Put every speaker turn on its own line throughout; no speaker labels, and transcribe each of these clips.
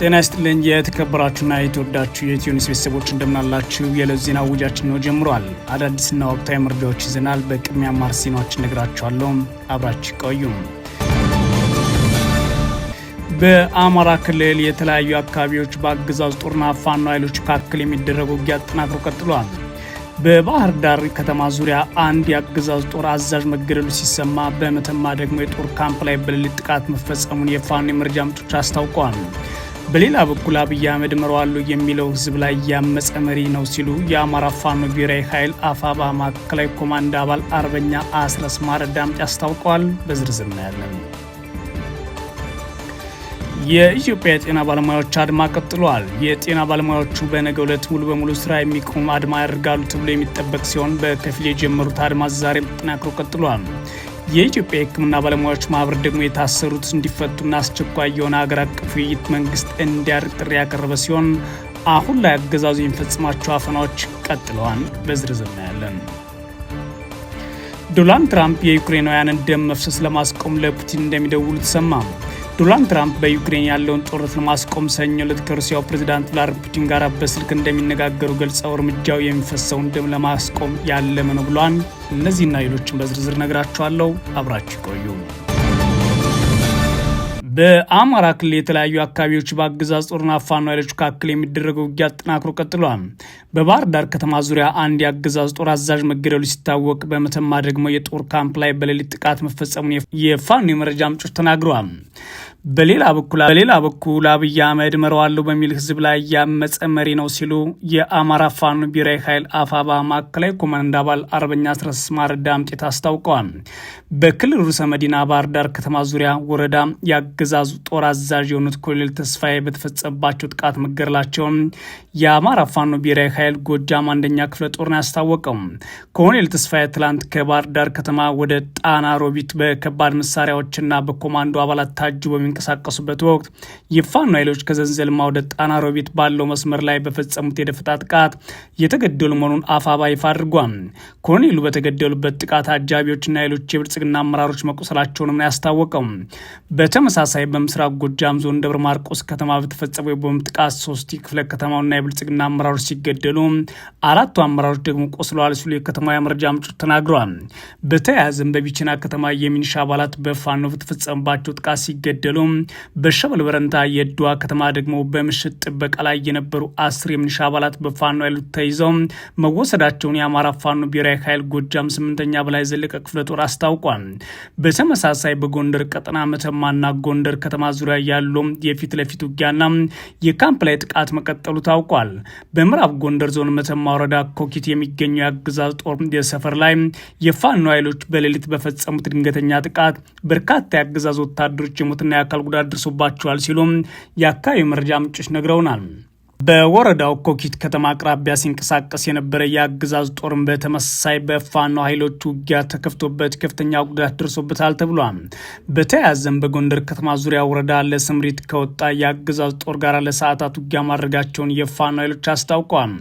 ጤና ይስጥልኝ የተከበራችሁና የተወዳችሁ የኢትዮኒስ ቤተሰቦች እንደምናላችሁ። የዕለት ዜና ውጃችን ነው ጀምሯል። አዳዲስና ወቅታዊ መረጃዎች ይዘናል። በቅድሚያ ማር ዜናዎች ነግራችኋለሁ። አብራችሁ ቆዩ። በአማራ ክልል የተለያዩ አካባቢዎች በአገዛዝ ጦርና ፋኖ ኃይሎች መካከል የሚደረጉ ውጊያ አጠናክሮ ቀጥሏል። በባህር ዳር ከተማ ዙሪያ አንድ የአገዛዝ ጦር አዛዥ መገደሉ ሲሰማ በመተማ ደግሞ የጦር ካምፕ ላይ በሌሊት ጥቃት መፈጸሙን የፋኖ የመረጃ ምንጮች አስታውቀዋል። በሌላ በኩል አብይ አህመድ ምረዋሉ የሚለው ህዝብ ላይ ያመፀ መሪ ነው ሲሉ የአማራ ፋኖ ብሔራዊ ኃይል አፋባ ማዕከላዊ ኮማንድ አባል አርበኛ አስረስ ማረ ዳምጤ አስታውቀዋል። በዝርዝር እናያለን። የኢትዮጵያ የጤና ባለሙያዎች አድማ ቀጥሏል። የጤና ባለሙያዎቹ በነገ ዕለት ሙሉ በሙሉ ስራ የሚቆም አድማ ያደርጋሉ ተብሎ የሚጠበቅ ሲሆን በከፊል የጀመሩት አድማ ዛሬም ተጠናክሮ ቀጥሏል። የኢትዮጵያ የሕክምና ባለሙያዎች ማህበር ደግሞ የታሰሩት እንዲፈቱና አስቸኳይ የሆነ ሀገር አቀፍ ውይይት መንግስት እንዲያደርግ ጥሪ ያቀረበ ሲሆን አሁን ላይ አገዛዙ የሚፈጽማቸው አፈናዎች ቀጥለዋል። በዝርዝር እናያለን። ዶናልድ ትራምፕ የዩክሬናውያንን ደም መፍሰስ ለማስቆም ለፑቲን እንደሚደውሉ ተሰማ። ዶናልድ ትራምፕ በዩክሬን ያለውን ጦርነት ለማስቆም ሰኞ ዕለት ከሩሲያው ፕሬዚዳንት ቭላድሚር ፑቲን ጋር በስልክ እንደሚነጋገሩ ገልጸው እርምጃው የሚፈሰውን ደም ለማስቆም ያለመ ነው ብሏል። እነዚህና ሌሎችን በዝርዝር ነግራችኋለሁ። አብራችሁ ቆዩ። በአማራ ክልል የተለያዩ አካባቢዎች በአገዛዝ ጦርና ፋኖ ኃይሎች መካከል የሚደረገው ውጊያ አጠናክሮ ቀጥሏል። በባህር ዳር ከተማ ዙሪያ አንድ የአገዛዝ ጦር አዛዥ መገደሉ ሲታወቅ፣ በመተማ ደግሞ የጦር ካምፕ ላይ በሌሊት ጥቃት መፈጸሙን የፋኖ የመረጃ ምንጮች ተናግረዋል። በሌላ በኩል በሌላ በኩል አብይ አህመድ መረዋለሁ በሚል ህዝብ ላይ ያመፀ መሪ ነው ሲሉ የአማራ ፋኖ ብሔራዊ ኃይል አፋባ ማዕከላዊ ኮማንድ አባል አርበኛ አስረስ ማረ ዳምጤት አስታውቀዋል። በክልል ርዕሰ መዲና ባህር ዳር ከተማ ዙሪያ ወረዳ የአገዛዙ ጦር አዛዥ የሆኑት ኮሎኔል ተስፋዬ በተፈጸባቸው ጥቃት መገደላቸውን የአማራ ፋኖ ብሔራዊ ኃይል ጎጃም አንደኛ ክፍለ ጦር ነው ያስታወቀው። ኮሎኔል ተስፋዬ ትላንት ከባህር ዳር ከተማ ወደ ጣና ሮቢት በከባድ መሳሪያዎችና በኮማንዶ አባላት ታጅቦ በሚንቀሳቀሱበት ወቅት የፋኖ ኃይሎች ከዘንዘል ወደ ጣና ሮቢት ባለው መስመር ላይ በፈጸሙት የደፈጣ ጥቃት የተገደሉ መሆኑን አፋባ ይፋ አድርጓል። ኮሎኔሉ በተገደሉበት ጥቃት አጃቢዎችና ሌሎች የብልጽግና አመራሮች መቆሰላቸውንም ያስታወቀው። በተመሳሳይ በምስራቅ ጎጃም ዞን ደብረ ማርቆስ ከተማ በተፈጸመው የቦምብ ጥቃት ሶስት የክፍለ ከተማውና የብልጽግና አመራሮች ሲገደሉ አራቱ አመራሮች ደግሞ ቆስለዋል ሲሉ የከተማ የመረጃ ምንጮች ተናግረዋል። በተያያዘም በቢችና ከተማ የሚኒሻ አባላት በፋኖ በተፈጸመባቸው ጥቃት ሲገደሉ በሸበል በረንታ የድዋ ከተማ ደግሞ በምሽት ጥበቃ ላይ የነበሩ አስር የምንሻ አባላት በፋኖ ኃይሎች ተይዘው መወሰዳቸውን የአማራ ፋኖ ብሔራዊ ኃይል ጎጃም ስምንተኛ በላይ ዘለቀ ክፍለ ጦር አስታውቋል። በተመሳሳይ በጎንደር ቀጠና መተማና ጎንደር ከተማ ዙሪያ ያሉ የፊት ለፊት ውጊያና የካምፕ ላይ ጥቃት መቀጠሉ ታውቋል። በምዕራብ ጎንደር ዞን መተማ ወረዳ ኮኪት የሚገኙ የአገዛዝ ጦር የሰፈር ላይ የፋኖ ኃይሎች በሌሊት በፈጸሙት ድንገተኛ ጥቃት በርካታ የአገዛዝ ወታደሮች የሞትና የአካል ጉዳት ደርሶባቸዋል ሲሉም የአካባቢ መረጃ ምንጮች ነግረውናል። በወረዳው ኮኪት ከተማ አቅራቢያ ሲንቀሳቀስ የነበረ የአገዛዝ ጦርን በተመሳሳይ በፋኖ ኃይሎች ውጊያ ተከፍቶበት ከፍተኛ ጉዳት ደርሶበታል ተብሏል። በተያያዘም በጎንደር ከተማ ዙሪያ ወረዳ ለስምሪት ከወጣ የአገዛዝ ጦር ጋር ለሰዓታት ውጊያ ማድረጋቸውን የፋኖ ኃይሎች አስታውቋል።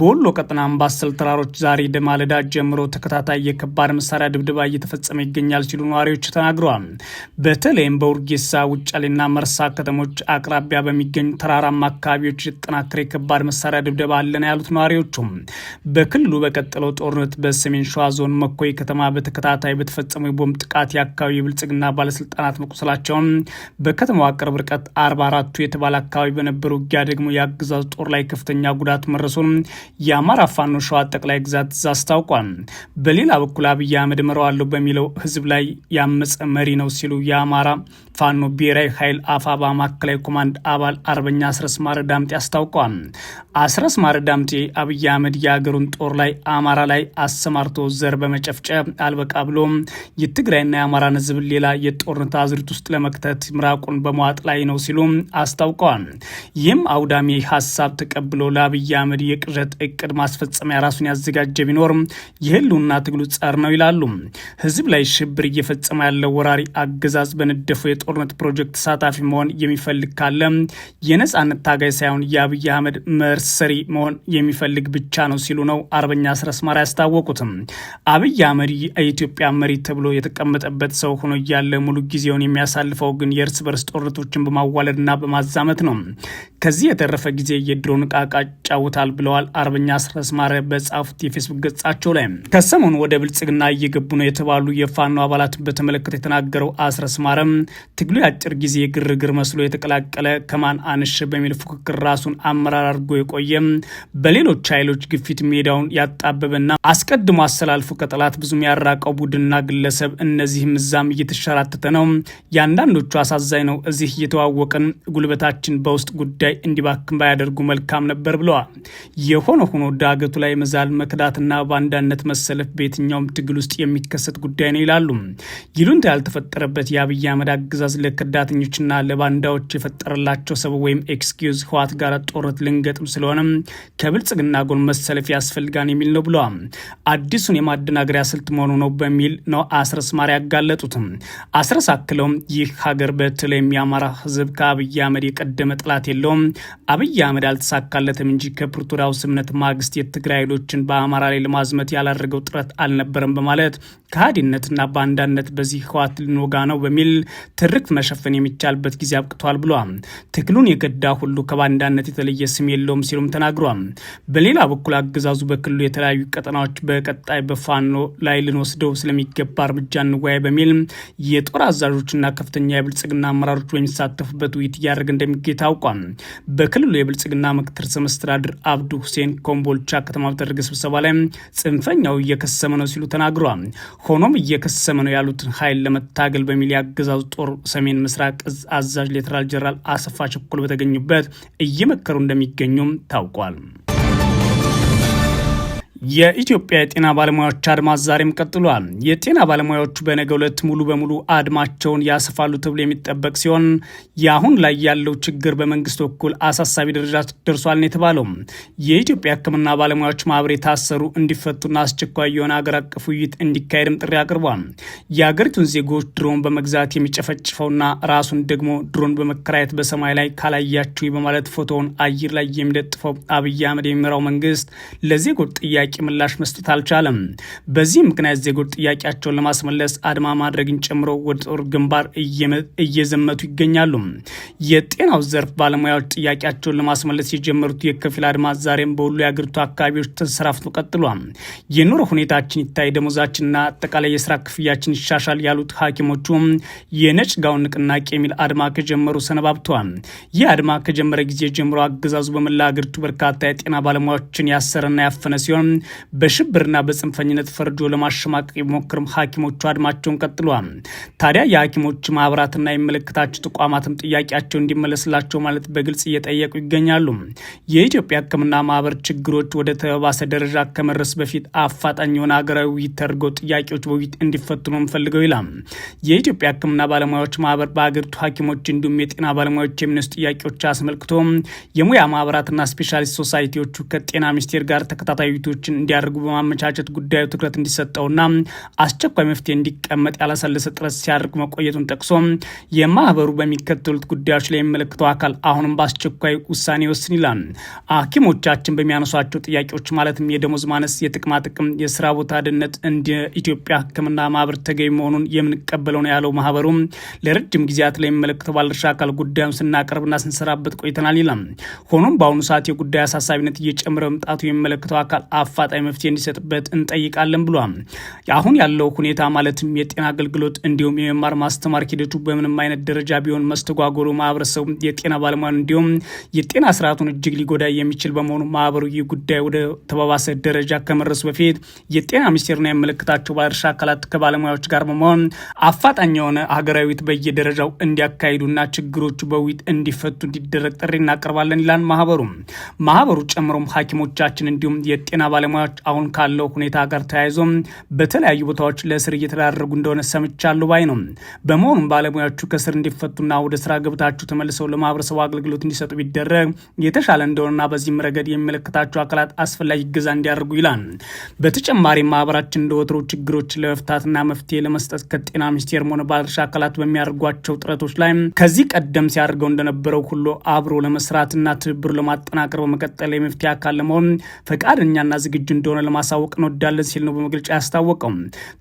በወሎ ቀጠና አምባሰል ተራሮች ዛሬ ደማለዳ ጀምሮ ተከታታይ የከባድ መሳሪያ ድብድባ እየተፈጸመ ይገኛል ሲሉ ነዋሪዎች ተናግረዋል። በተለይም በውርጌሳ ውጫሌና መርሳ ከተሞች አቅራቢያ በሚገኙ ተራራማ አካባቢዎች የተጠናከረ የከባድ መሳሪያ ድብደባ አለን ያሉት ነዋሪዎቹም በክልሉ በቀጠለው ጦርነት በሰሜን ሸዋ ዞን መኮይ ከተማ በተከታታይ በተፈጸመው የቦምብ ጥቃት የአካባቢ የብልጽግና ባለስልጣናት መቁሰላቸውን፣ በከተማዋ ቅርብ ርቀት አርባ አራቱ የተባለ አካባቢ በነበሩ ውጊያ ደግሞ የአገዛዙ ጦር ላይ ከፍተኛ ጉዳት መረሱን የአማራ ፋኖ ሸዋ ጠቅላይ ግዛት ትዕዛዝ አስታውቋል። በሌላ በኩል አብይ አህመድ አለው በሚለው ህዝብ ላይ ያመፀ መሪ ነው ሲሉ የአማራ ፋኖ ብሔራዊ ኃይል አፋባ ማዕከላዊ ኮማንድ አባል አርበኛ አስረስ ማረ ዳምጤ አስታውቋል። አስረስ ማረ ዳምጤ አብይ አህመድ የአገሩን ጦር ላይ አማራ ላይ አሰማርቶ ዘር በመጨፍጨፍ አልበቃ ብሎ የትግራይና የአማራን ህዝብ ሌላ የጦርነት አዝሪት ውስጥ ለመክተት ምራቁን በመዋጥ ላይ ነው ሲሉ አስታውቀዋል። ይህም አውዳሚ ሀሳብ ተቀብሎ ለአብይ አህመድ የቅዠት እቅድ ማስፈጸሚያ ራሱን ያዘጋጀ ቢኖር የህልውና ትግሉ ጸር ነው ይላሉ። ህዝብ ላይ ሽብር እየፈጸመ ያለው ወራሪ አገዛዝ በነደፈው የጦርነት ፕሮጀክት ተሳታፊ መሆን የሚፈልግ ካለ የነጻነት ታጋይ ሳይሆን የአብይ አህመድ መርሰሪ መሆን የሚፈልግ ብቻ ነው ሲሉ ነው አርበኛ አስረስ ማረ ያስታወቁትም። አብይ አህመድ የኢትዮጵያ መሪ ተብሎ የተቀመጠበት ሰው ሆኖ እያለ ሙሉ ጊዜውን የሚያሳልፈው ግን የእርስ በርስ ጦርነቶችን በማዋለድና በማዛመት ነው። ከዚህ የተረፈ ጊዜ የድሮን ዕቃ ዕቃ ይጫወታል ብለዋል። አርበኛ አስረስ ማረ በጻፉት የፌስቡክ ገጻቸው ላይ ከሰሞኑ ወደ ብልጽግና እየገቡ ነው የተባሉ የፋኖ አባላት በተመለከተ የተናገረው አስረስ ማረም ትግሉ የአጭር ጊዜ ግርግር መስሎ የተቀላቀለ ከማን አንሽ በሚል ፉክክር ራሱን አመራር አድርጎ የቆየ በሌሎች ኃይሎች ግፊት ሜዳውን ያጣበበና አስቀድሞ አሰላልፎ ከጠላት ብዙም ያራቀው ቡድንና ግለሰብ እነዚህ ምዛም እየተሸራተተ ነው። የአንዳንዶቹ አሳዛኝ ነው። እዚህ እየተዋወቅን ጉልበታችን በውስጥ ጉዳይ ላይ እንዲባክን ባያደርጉ መልካም ነበር ብለዋል። የሆነ ሆኖ ዳገቱ ላይ መዛል መክዳትና በአንዳነት መሰለፍ በየትኛውም ትግል ውስጥ የሚከሰት ጉዳይ ነው ይላሉ። ይሉንታ ያልተፈጠረበት የአብይ አህመድ አገዛዝ ለከዳተኞችና ለባንዳዎች የፈጠረላቸው ሰበብ ወይም ኤክስኪዩዝ ህወሓት ጋር ጦርነት ልንገጥም ስለሆነ ከብልጽግና ጎን መሰለፍ ያስፈልጋን የሚል ነው ብለዋል። አዲሱን የማደናገሪያ ስልት መሆኑ ነው በሚል ነው አስረስ ማር ያጋለጡትም። አስረስ አክለውም ይህ ሀገር በተለይም የአማራ ህዝብ ከአብይ አህመድ የቀደመ ጠላት የለውም አብይ አህመድ አልተሳካለትም እንጂ ከፕሪቶሪያው ስምነት ማግስት የትግራይ ኃይሎችን በአማራ ላይ ለማዝመት ያላደረገው ጥረት አልነበረም በማለት ከሃዲነትና ባንዳነት በዚህ ህወሓት ልንወጋ ነው በሚል ትርክት መሸፈን የሚቻልበት ጊዜ አብቅቷል ብሏል። ትግሉን የገዳ ሁሉ ከባንዳነት የተለየ ስም የለውም ሲሉም ተናግሯል። በሌላ በኩል አገዛዙ በክልሉ የተለያዩ ቀጠናዎች በቀጣይ በፋኖ ላይ ልንወስደው ስለሚገባ እርምጃ እንወያይ በሚል የጦር አዛዦችና ከፍተኛ የብልጽግና አመራሮች በሚሳተፉበት ውይይት እያደረገ እንደሚገኝ ታውቋል። በክልሉ የብልጽግና ምክትል ርዕሰ መስተዳድር አብዱ ሁሴን ኮምቦልቻ ከተማ በተደረገ ስብሰባ ላይ ጽንፈኛው እየከሰመ ነው ሲሉ ተናግሯል። ሆኖም እየከሰመ ነው ያሉትን ኃይል ለመታገል በሚል የአገዛዙ ጦር ሰሜን ምስራቅ እዝ አዛዥ ሌተናል ጀነራል አሰፋ ቸኮል በተገኙበት እየመከሩ እንደሚገኙም ታውቋል። የኢትዮጵያ የጤና ባለሙያዎች አድማ ዛሬም ቀጥሏል። የጤና ባለሙያዎቹ በነገ ዕለት ሙሉ በሙሉ አድማቸውን ያሰፋሉ ተብሎ የሚጠበቅ ሲሆን የአሁን ላይ ያለው ችግር በመንግስት በኩል አሳሳቢ ደረጃ ደርሷል ነው የተባለው። የኢትዮጵያ ሕክምና ባለሙያዎች ማህበር የታሰሩ እንዲፈቱና አስቸኳይ የሆነ አገር አቀፍ ውይይት እንዲካሄድም ጥሪ አቅርቧል። የአገሪቱን ዜጎች ድሮን በመግዛት የሚጨፈጭፈውና ራሱን ደግሞ ድሮን በመከራየት በሰማይ ላይ ካላያችሁ በማለት ፎቶውን አየር ላይ የሚለጥፈው አብይ አህመድ የሚመራው መንግስት ለዜጎች ጥያቄ በቂ ምላሽ መስጠት አልቻለም። በዚህ ምክንያት ዜጎች ጥያቄያቸውን ለማስመለስ አድማ ማድረግን ጨምሮ ወደ ጦር ግንባር እየዘመቱ ይገኛሉ። የጤናው ዘርፍ ባለሙያዎች ጥያቄያቸውን ለማስመለስ የጀመሩት የከፊል አድማ ዛሬም በሁሉ የአገሪቱ አካባቢዎች ተንሰራፍቶ ቀጥሏል። የኑሮ ሁኔታችን ይታይ፣ ደሞዛችንና አጠቃላይ የስራ ክፍያችን ይሻሻል ያሉት ሐኪሞቹ የነጭ ጋውን ንቅናቄ የሚል አድማ ከጀመሩ ሰነባብተዋል። ይህ አድማ ከጀመረ ጊዜ ጀምሮ አገዛዙ በመላ አገሪቱ በርካታ የጤና ባለሙያዎችን ያሰረና ያፈነ ሲሆን በሽብርና በጽንፈኝነት ፈርጆ ለማሸማቀቅ ቢሞክርም ሐኪሞቹ አድማቸውን ቀጥሏል። ታዲያ የሐኪሞች ማህበራትና የሚመለከታቸው ተቋማትም ጥያቄያቸው እንዲመለስላቸው ማለት በግልጽ እየጠየቁ ይገኛሉ። የኢትዮጵያ ሕክምና ማህበር ችግሮች ወደ ተባሰ ደረጃ ከመድረስ በፊት አፋጣኝ የሆነ ሀገራዊ ውይይት ተደርገው ጥያቄዎች በውይይት እንዲፈትኑ ፈልገው ይላል። የኢትዮጵያ ሕክምና ባለሙያዎች ማህበር በአገሪቱ ሐኪሞች እንዲሁም የጤና ባለሙያዎች የሚነሱ ጥያቄዎች አስመልክቶ የሙያ ማህበራትና ስፔሻሊስት ሶሳይቲዎቹ ከጤና ሚኒስቴር ጋር ተከታታይ ውይይቶች ውይይቶችን እንዲያደርጉ በማመቻቸት ጉዳዩ ትኩረት እንዲሰጠውና አስቸኳይ መፍትሄ እንዲቀመጥ ያላሰለሰ ጥረት ሲያደርግ መቆየቱን ጠቅሶ የማህበሩ በሚከተሉት ጉዳዮች ላይ የሚመለከተው አካል አሁንም በአስቸኳይ ውሳኔ ይወስን ይላል። ሐኪሞቻችን በሚያነሷቸው ጥያቄዎች ማለትም የደሞዝ ማነስ፣ የጥቅማ ጥቅም፣ የስራ ቦታ ደህንነት እንደ ኢትዮጵያ ሕክምና ማህበር ተገቢ መሆኑን የምንቀበለው ነው ያለው ማህበሩ ለረጅም ጊዜያት ላይ የሚመለከተው ባለድርሻ አካል ጉዳዩን ስናቀርብና ስንሰራበት ቆይተናል ይላል። ሆኖም በአሁኑ ሰዓት የጉዳይ አሳሳቢነት እየጨመረ መምጣቱ የሚመለከተው አካል አፍ አፋጣኝ መፍትሄ እንዲሰጥበት እንጠይቃለን ብሏል። አሁን ያለው ሁኔታ ማለትም የጤና አገልግሎት እንዲሁም የመማር ማስተማር ሂደቱ በምንም አይነት ደረጃ ቢሆን መስተጓጎሉ ማህበረሰቡ የጤና ባለሙያን እንዲሁም የጤና ስርዓቱን እጅግ ሊጎዳ የሚችል በመሆኑ ማህበሩ ይህ ጉዳይ ወደ ተባባሰ ደረጃ ከመድረሱ በፊት የጤና ሚኒስቴርና የሚመለከታቸው ባለድርሻ አካላት ከባለሙያዎች ጋር በመሆን አፋጣኝ የሆነ ሀገራዊት ውይይት በየደረጃው እንዲያካሂዱና ችግሮቹ በውይይት እንዲፈቱ እንዲደረግ ጥሪ እናቀርባለን ይላል ማህበሩ። ማህበሩ ጨምሮም ሐኪሞቻችን እንዲሁም የጤና ባለ ባለሙያዎች አሁን ካለው ሁኔታ ጋር ተያይዞ በተለያዩ ቦታዎች ለእስር እየተዳረጉ እንደሆነ ሰምቻለሁ ባይ ነው። በመሆኑም ባለሙያዎቹ ከእስር እንዲፈቱና ወደ ስራ ገብታችሁ ተመልሰው ለማህበረሰቡ አገልግሎት እንዲሰጡ ቢደረግ የተሻለ እንደሆነና በዚህም ረገድ የሚመለከታቸው አካላት አስፈላጊ እገዛ እንዲያደርጉ ይላል። በተጨማሪም ማህበራችን እንደ ወትሮ ችግሮችን ለመፍታትና መፍትሄ ለመስጠት ከጤና ሚኒስቴርም ሆነ ባለድርሻ አካላት በሚያደርጓቸው ጥረቶች ላይ ከዚህ ቀደም ሲያደርገው እንደነበረው ሁሉ አብሮ ለመስራትና ትብብር ለማጠናከር በመቀጠል የመፍትሄ አካል ለመሆን ፈቃደኛና ዝግ ዝግጁ እንደሆነ ለማሳወቅ እንወዳለን ሲል ነው በመግለጫ ያስታወቀው።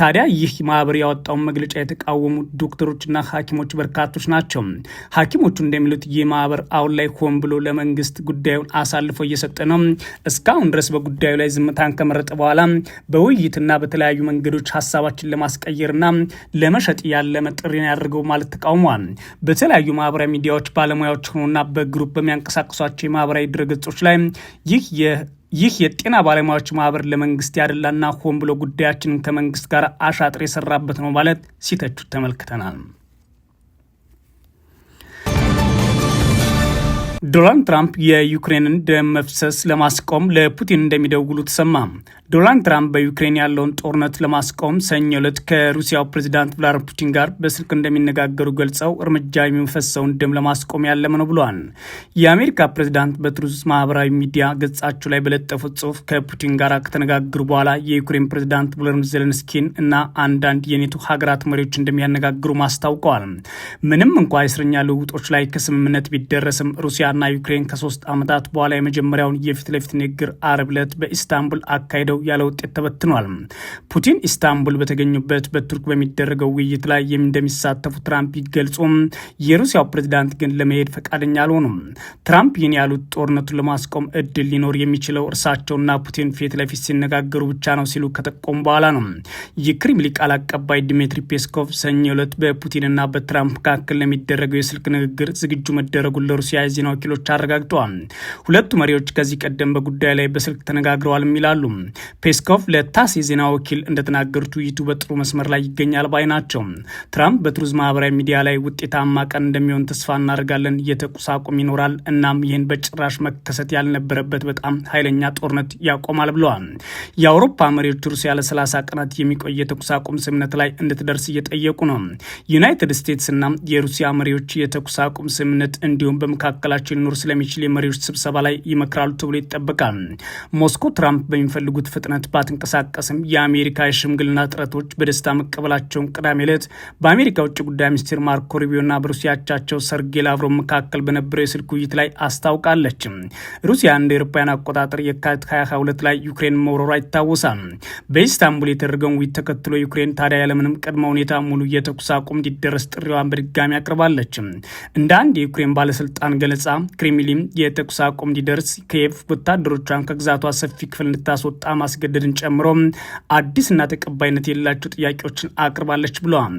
ታዲያ ይህ ማህበር ያወጣውን መግለጫ የተቃወሙ ዶክተሮችና ሐኪሞች በርካቶች ናቸው። ሐኪሞቹ እንደሚሉት ይህ ማህበር አሁን ላይ ሆን ብሎ ለመንግስት ጉዳዩን አሳልፎ እየሰጠ ነው። እስካሁን ድረስ በጉዳዩ ላይ ዝምታን ከመረጠ በኋላ በውይይትና በተለያዩ መንገዶች ሀሳባችን ለማስቀየርና ለመሸጥ ያለመ ጥሪን ያደርገው ማለት ተቃውሟል። በተለያዩ ማህበራዊ ሚዲያዎች ባለሙያዎች ሆኑና በግሩፕ በሚያንቀሳቅሷቸው የማህበራዊ ድረገጾች ላይ ይህ ይህ የጤና ባለሙያዎች ማህበር ለመንግስት ያደላና ሆን ብሎ ጉዳያችንን ከመንግስት ጋር አሻጥር የሰራበት ነው ማለት ሲተቹ ተመልክተናል። ዶናልድ ትራምፕ የዩክሬንን ደም መፍሰስ ለማስቆም ለፑቲን እንደሚደውሉ ተሰማ። ዶናልድ ትራምፕ በዩክሬን ያለውን ጦርነት ለማስቆም ሰኞ ዕለት ከሩሲያው ፕሬዚዳንት ቭላድሚር ፑቲን ጋር በስልክ እንደሚነጋገሩ ገልጸው እርምጃ የሚፈሰውን ደም ለማስቆም ያለመ ነው ብለዋል። የአሜሪካ ፕሬዚዳንት በትሩዝ ማህበራዊ ሚዲያ ገጻቸው ላይ በለጠፉት ጽሁፍ ከፑቲን ጋር ከተነጋገሩ በኋላ የዩክሬን ፕሬዚዳንት ቮሎድሚር ዜሌንስኪን እና አንዳንድ የኔቶ ሀገራት መሪዎች እንደሚያነጋግሩ ማስታውቀዋል። ምንም እንኳ የእስረኛ ልውውጦች ላይ ከስምምነት ቢደረስም ሩሲያ ሩሲያና ዩክሬን ከሶስት ዓመታት በኋላ የመጀመሪያውን የፊት ለፊት ንግግር አርብ ዕለት በኢስታንቡል አካሂደው ያለ ውጤት ተበትኗል። ፑቲን ኢስታንቡል በተገኙበት በቱርክ በሚደረገው ውይይት ላይ እንደሚሳተፉ ትራምፕ ቢገልጹም የሩሲያው ፕሬዚዳንት ግን ለመሄድ ፈቃደኛ አልሆኑም። ትራምፕ ይህን ያሉት ጦርነቱን ለማስቆም እድል ሊኖር የሚችለው እርሳቸውና ፑቲን ፊት ለፊት ሲነጋገሩ ብቻ ነው ሲሉ ከጠቆሙ በኋላ ነው። የክሪምሊ ቃል አቀባይ ድሜትሪ ፔስኮቭ ሰኞ ዕለት በፑቲንና በትራምፕ መካከል ለሚደረገው የስልክ ንግግር ዝግጁ መደረጉን ለሩሲያ የዜና ወኪሎች አረጋግጠዋል። ሁለቱ መሪዎች ከዚህ ቀደም በጉዳይ ላይ በስልክ ተነጋግረዋልም ይላሉ። ፔስኮቭ ለታስ የዜና ወኪል እንደተናገሩት ውይይቱ በጥሩ መስመር ላይ ይገኛል ባይ ናቸው። ትራምፕ በትሩዝ ማህበራዊ ሚዲያ ላይ ውጤታማ ቀን እንደሚሆን ተስፋ እናደርጋለን፣ የተኩስ አቁም ይኖራል፣ እናም ይህን በጭራሽ መከሰት ያልነበረበት በጣም ኃይለኛ ጦርነት ያቆማል ብለዋል። የአውሮፓ መሪዎች ሩሲያ ለ30 ቀናት የሚቆይ የተኩስ አቁም ስምነት ላይ እንድትደርስ እየጠየቁ ነው። ዩናይትድ ስቴትስ እና የሩሲያ መሪዎች የተኩስ አቁም ስምነት እንዲሁም በመካከላቸው በሀገራቸው ሊኖር ስለሚችል የመሪዎች ስብሰባ ላይ ይመክራሉ ተብሎ ይጠበቃል። ሞስኮ ትራምፕ በሚፈልጉት ፍጥነት ባትንቀሳቀስም የአሜሪካ የሽምግልና ጥረቶች በደስታ መቀበላቸውን ቅዳሜ ዕለት በአሜሪካ ውጭ ጉዳይ ሚኒስትር ማርኮ ሩቢዮና በሩሲያቻቸው ሰርጌ ላቭሮቭ መካከል በነበረው የስልክ ውይይት ላይ አስታውቃለች። ሩሲያ እንደ ኤሮፓውያን አቆጣጠር የካቲት 22 ላይ ዩክሬን መውረሯ ይታወሳል። በኢስታንቡል የተደረገውን ውይይት ተከትሎ ዩክሬን ታዲያ ያለምንም ቅድመ ሁኔታ ሙሉ የተኩስ አቁም እንዲደረስ ጥሪዋን በድጋሚ አቅርባለች። እንደ አንድ የዩክሬን ባለስልጣን ገለጻ ክሬምሊን የተኩስ አቁም እንዲደርስ ኪየቭ ወታደሮቿን ከግዛቷ ሰፊ ክፍል እንድታስወጣ ማስገደድን ጨምሮ አዲስና ተቀባይነት የሌላቸው ጥያቄዎችን አቅርባለች ብለዋል።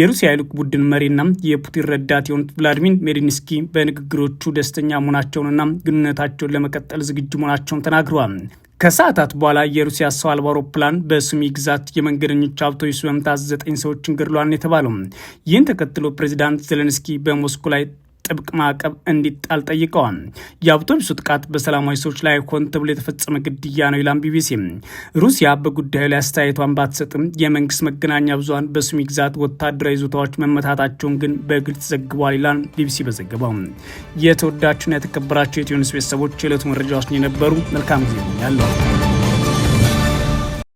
የሩሲያ ልዑክ ቡድን መሪና የፑቲን ረዳት የሆኑት ቭላዲሚር ሜዲኒስኪ በንግግሮቹ ደስተኛ መሆናቸውንና ግንኙነታቸውን ለመቀጠል ዝግጁ መሆናቸውን ተናግረዋል። ከሰዓታት በኋላ የሩሲያ ሰው አልባ አውሮፕላን በሱሚ ግዛት የመንገደኞች አውቶቡስ በመምታት ዘጠኝ ሰዎችን ገድሏል የተባለው ይህን ተከትሎ ፕሬዚዳንት ዜሌንስኪ በሞስኮ ላይ ጥብቅ ማዕቀብ እንዲጣል ጠይቀዋል። የአውቶቡሱ ጥቃት በሰላማዊ ሰዎች ላይ ሆን ተብሎ የተፈጸመ ግድያ ነው ይላም ቢቢሲ። ሩሲያ በጉዳዩ ላይ አስተያየቷን ባትሰጥም የመንግስት መገናኛ ብዙኃን በሱሚ ግዛት ወታደራዊ ይዞታዎች መመታታቸውን ግን በግልጽ ዘግቧል ይላል ቢቢሲ በዘገባው። የተወዳችሁና የተከበራቸው የኢትዮ ቤተሰቦች የዕለቱ መረጃዎች የነበሩ መልካም ጊዜ ያለው